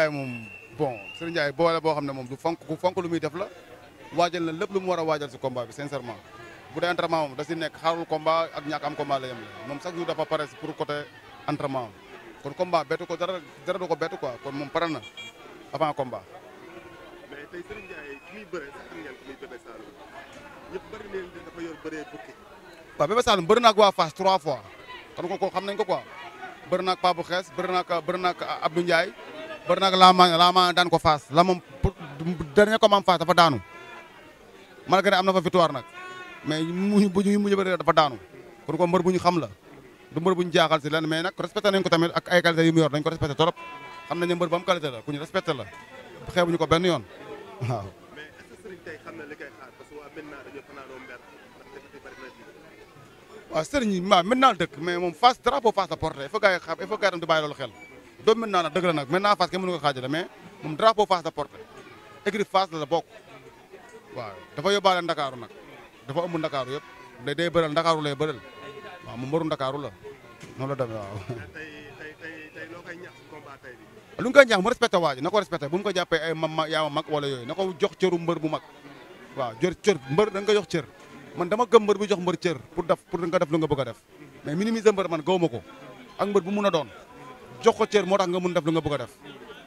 Ndiaye moom bon Serigne Ndiaye boole boo xam ne moom du fonk ku fonk lu muy def la waajal na lépp lu mu war a combat bi sincèrement bu entraînement da combat ak am combat la yem la chaque jour dafa pare pour côté entraînement kon combat bettu ko dara dara du ko bettu quoi kon moom pare avant combat. mais tey Serigne Ndiaye ki muy bëree sax xam ngeen muy bébé Saloum ñëpp bëri na leen dafa yor bukki. bébé fois ko xam nañ ko quoi Abdou bari nag Lama Lama dan ko fas Lama dernier mam fas dafa daanu malgré amna fa victoire nak mais muñu buñu muñu bari dafa daanu kon ko mbeur buñu xam la du mbeur buñu jaxal ci si mais nak respecté nañ ko tamit ak ay qualité yu mu yor dañ ko respecté torop xam nañ mbeur bam qualité la kuñu respecté la xeebuñu ko ben yoon waaw. waaw sëriñ bi waaw maintenant dëkk mais mom face drapeau face la portée il faut gars xam il faut gars dem di bàyyi loolu xel doomu mën naa nag dëgg la nag maintenant Fass kenn mënu ko xaajale mais moom drapeau Fass la porté écrit Fass la la bokk waaw dafa yóbbaale Ndakaaru nag dafa ëmb Ndakaaru yëpp day day bëral Ndakaaru lay bëral waaw moom mbaru Ndakaaru la noonu la demee waaw. lu nga koy ñaax mu respecté waa ji na ko respecté bu mu ko jàppee ay mam yaa ma mag wala yooyu na ko jox cëru mbër bu mag waaw jër cër mbër da nga jox cër man dama gëm mbër bi jox mbër cër pour def pour nga def lu nga bëgg a mais minimiser mbër man gaw ak mbër bu mun doon Joko cer cër tax nga mën def lu nga bëgg def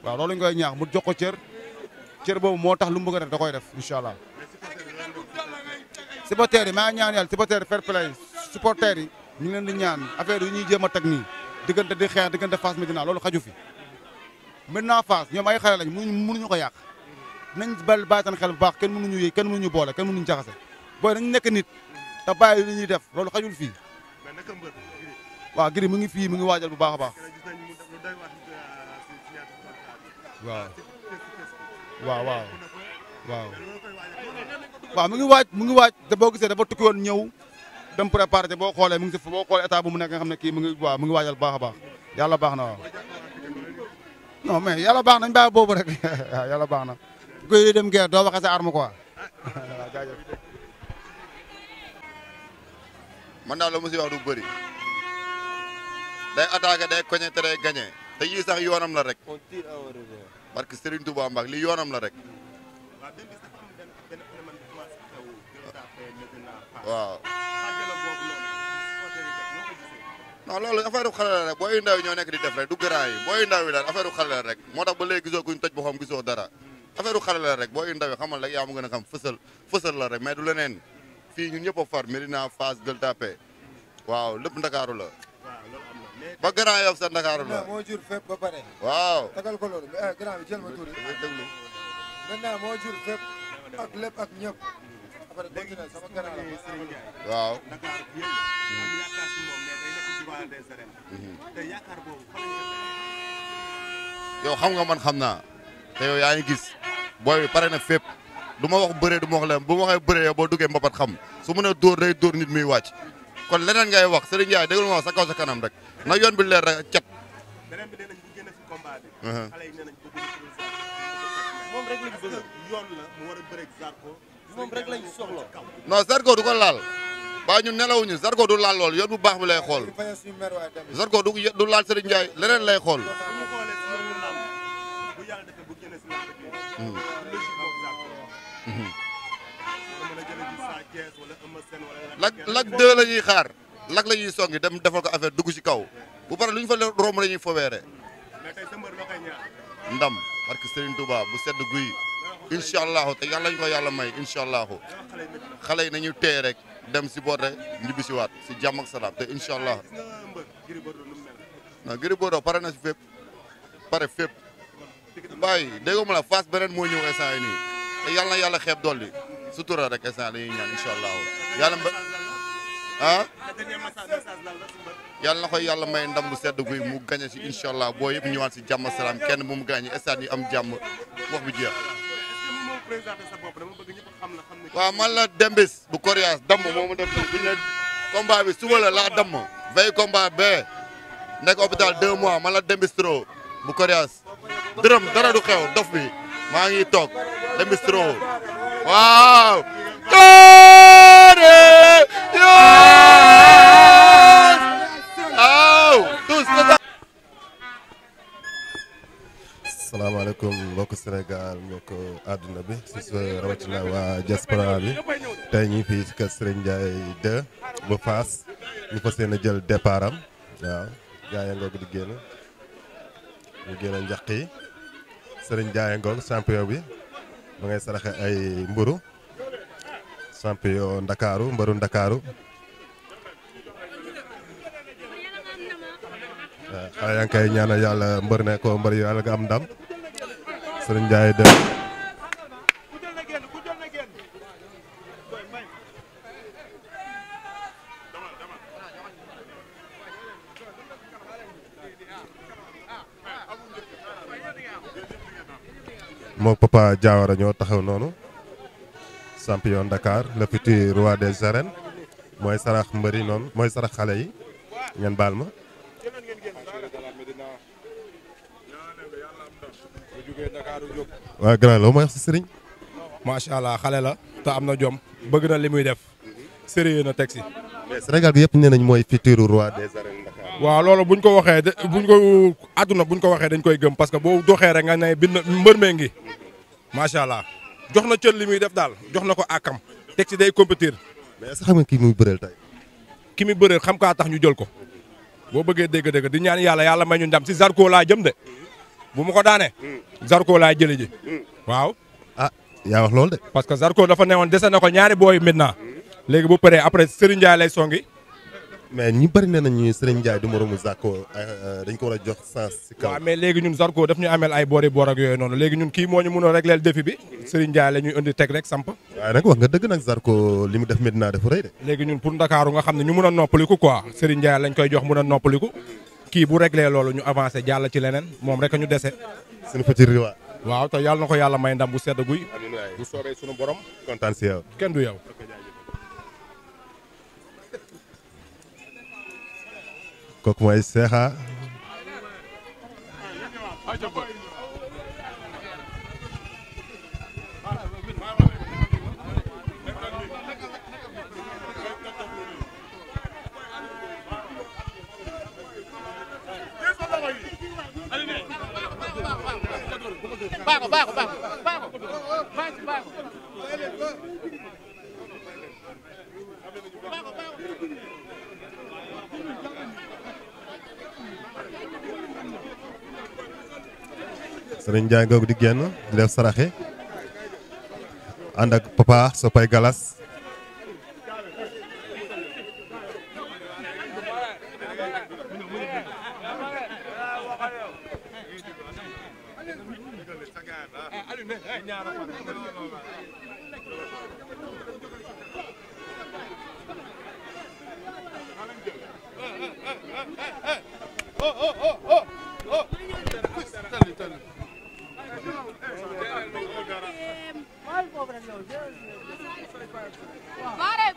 waaw loolu nga ñaax mu jox cer cer bobu boobu tax lu mu bëgg def da koy def incha allah. supporters yi maa ngi ñaan yàlla supporter, fair play supporter yi ñu leen di ñaan affaire yu ñuy jëma a ni nii di xeex diggante Fass medina loolu xaju fi maintenant Fass ñom ay xalé lañ mënuñu ko yaq nañ bal bàyyi seen xel bu baax kenn mënuñu yëy kenn mënuñu boole kenn mënuñu jaxase boy nañ nekk nit ta bay li ñuy def loolu xajul fii wa giri mu ngi fi mu ngi wajal bu baaxa baax waaw waaw waaw waaw waaw mu ngi waaj mu ngi waaj te boo gisee dafa tukki woon ñëw dem préparé te boo xoolee mu ngi si boo xoolee état bu mu nekk nga xam ne kii mu ngi waaw mu ngi waajal baax a baax yàlla baax na waaw non mais yàlla baax nañ bàyyi boobu rek waaw yàlla baax na kuy dem guerre doo waxe sa arme quoi waaw la mu si wax du bëri day attaqué day cogné te day te yii sax yoonam la rek. on tire à un li yoonam la rek. waaw. non loolu affaire bu xale la rek booy yu ndaw ñoo nekk di def rek du grand yi booy yu ndaw yi daal affaire rek moo tax ba léegi gisoo kuñ toj boo xam gisoo dara hmm. affaire bu xale la rek booy yu ndaw yi xamal gën a xam fësal fësal rek mais du leneen fii ñun ñëpp a far Médina Fass Gueule Tapée waaw lépp Ndakaaru la. ba Grand Yoff sa Ndakaaru moo jur fépp ba pare. waaw tagal ko loolu eh, grand bi jël moo lépp ak ñëpp. après dégg mhm. yow xam nga man xam naa te yow yaa ngi gis booy pare na fépp du ma wax bëre du ma wax leen bu ma waxee bëre boo duggee mbapat xam su mun door dóor day nit muy wàcc kon leneen ngay wax Serigne Ndiaye déglu ma wax sa kaw sa kanam rek na yoon bi leer bu génne si combat bi. xale yi nee nañ la mu war a bëreeg Zarko moom rek lañ soxla. non Zarko du ko laal. ñu nelawuñu Zarko laal lool yoon bu baax bi lay xool. Zarko du du laal Serigne Ndiaye leneen lay xool. lak hmm. lak la ñuy xaar. lak lañuy songi dem defal ko affaire duggu ci kaw bu paré luñ fa rom lañuy fowéré ndam barke serigne touba bu sedd guuy inshallah te yalla ñu ko yalla may inshallah xalé nañu téy rek dem ci bor rek ñibi ci waat ci jamm ak salam te inshallah na giri boro, paré na ci fep paré fep bay dégom la face benen mo ñëw instant ni te yalla yalla xép doli sutura rek instant lañuy ñaan inshallah yalla ah yàlla na koy yàlla may ndam bu sedd guy mu gañe si incha allah boo yëpp ñëwaat si jàmm salaam kenn bu mu gaañi stade yi am jàmm wax bi jeex waaw man la dembis bu coriace damm moo ma def buñ ne bi suba la laa damm veille combat bee nekk hôpital deux mois man la dembistro bu coriace dërëm dara du xew dof bi maa ngi toog dembistro waaw Sénégal mbokk aduna bi ci si rawatina wa diaspora bi tay ñi fi ci kër Serigne Ndiaye 2 bu fas ñu ko seen jël départam am waaw gaa ya ngoog di génn ñu génn njaq Serigne Ndiaye ngoog champion bi ma ngay saraxé ay mburu champion Ndakaaru mburu Ndakaaru waaw xale yaa ngi ñaanal yàlla mbër ne ko mbeur yalla ga am ndam Serigne Ndiaye Papa ñoo taxaw champion Dakar le futur roi des arènes mooy sarax mbëri noonu sarax yi waaw grand loo may wax si sëriñ. macha allah xale la te am na jom bëgg na li muy def sérieux na teg si. mais Sénégal bi yëpp nee nañ mooy futur roi des arènes. waaw loolu buñ ko waxee buñ ko àdduna buñ ko waxee dañ koy gëm parce que boo doxee rek nga ne bind mbër ngi macha allah jox na cër li muy def daal jox na ko àkkam teg si day compétir. mais est-ce que xam nga ki muy bëreel tey. ki muy bëreel xam kaa tax ñu jël ko boo bëggee dégg-dégg di ñaan yàlla yàlla may ñu ndam si Zarko laa jëm de. bu mu ko daanee Zarko laay jëlee ji. waaw. ah yaa wax loolu de. parce que Zarko dafa newoon dese na ko ñaari booy maintenant léegi bu paree après Serigne Ndiaye lay songi. mais ñi bëri nee nañu Serigne Ndiaye du moromu Zarko euh, euh, dañ ko war a jox sens. si kaw waaw mais léegi ñun Zarko daf ñu ameel ay boori boor ak yooyu noonu léegi ñun kii moo ñu mun a régleel défi bi Serigne Ndiaye la ñuy indi teg rek samp. waaye nag wax nga dëgg nag Zarko li mu def maintenant dafa rëy de. léegi ñun pour Ndakaaru nga xam ne ñu mun a noppaliku quoi Serigne Ndiaye lañ koy jox mun a noppaliku kii bu réglé loolu ñu avancé jàll ci leneen moom rek ñu dese. seen petit waaw te yàlla ko yàlla may ndam bu sedd guy. amiin waay bu soobee sunu borom. kontaan si kenn du yow. kooku mooy Seexa. baaxul baaxul baaxul baaxul baaxul. di génn di def saraxe ànd ak papa Sopay Galas. bare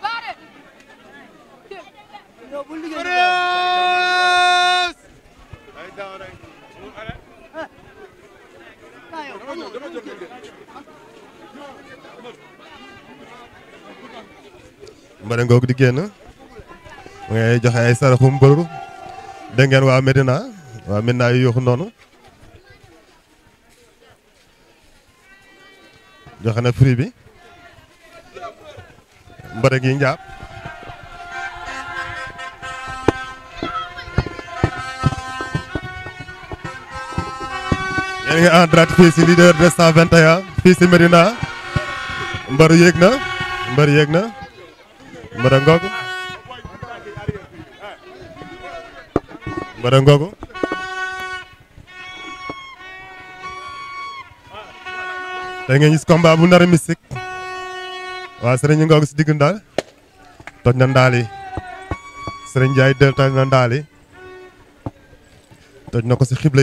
bare naa yow mbare ngoog di génn mu ngay joxe ay saraxu mbër dégg ngeen waa Medina waa Medina yu noonu joxe na fruit bi mbare gi njaab ñu ngi en direct fii si leader 221 fii si Medina mbar yéeg na mbar yéeg na mbara ngoogu mbara ngoogu tey ngeen gis combat bu nar a mystique waaw sëriñ ñu ngoogu si digg ndaal toj na ndaal yi sëriñ Ndiaye na ndaal yi toj na ko si xible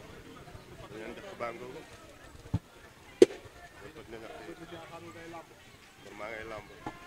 maa ngay làmb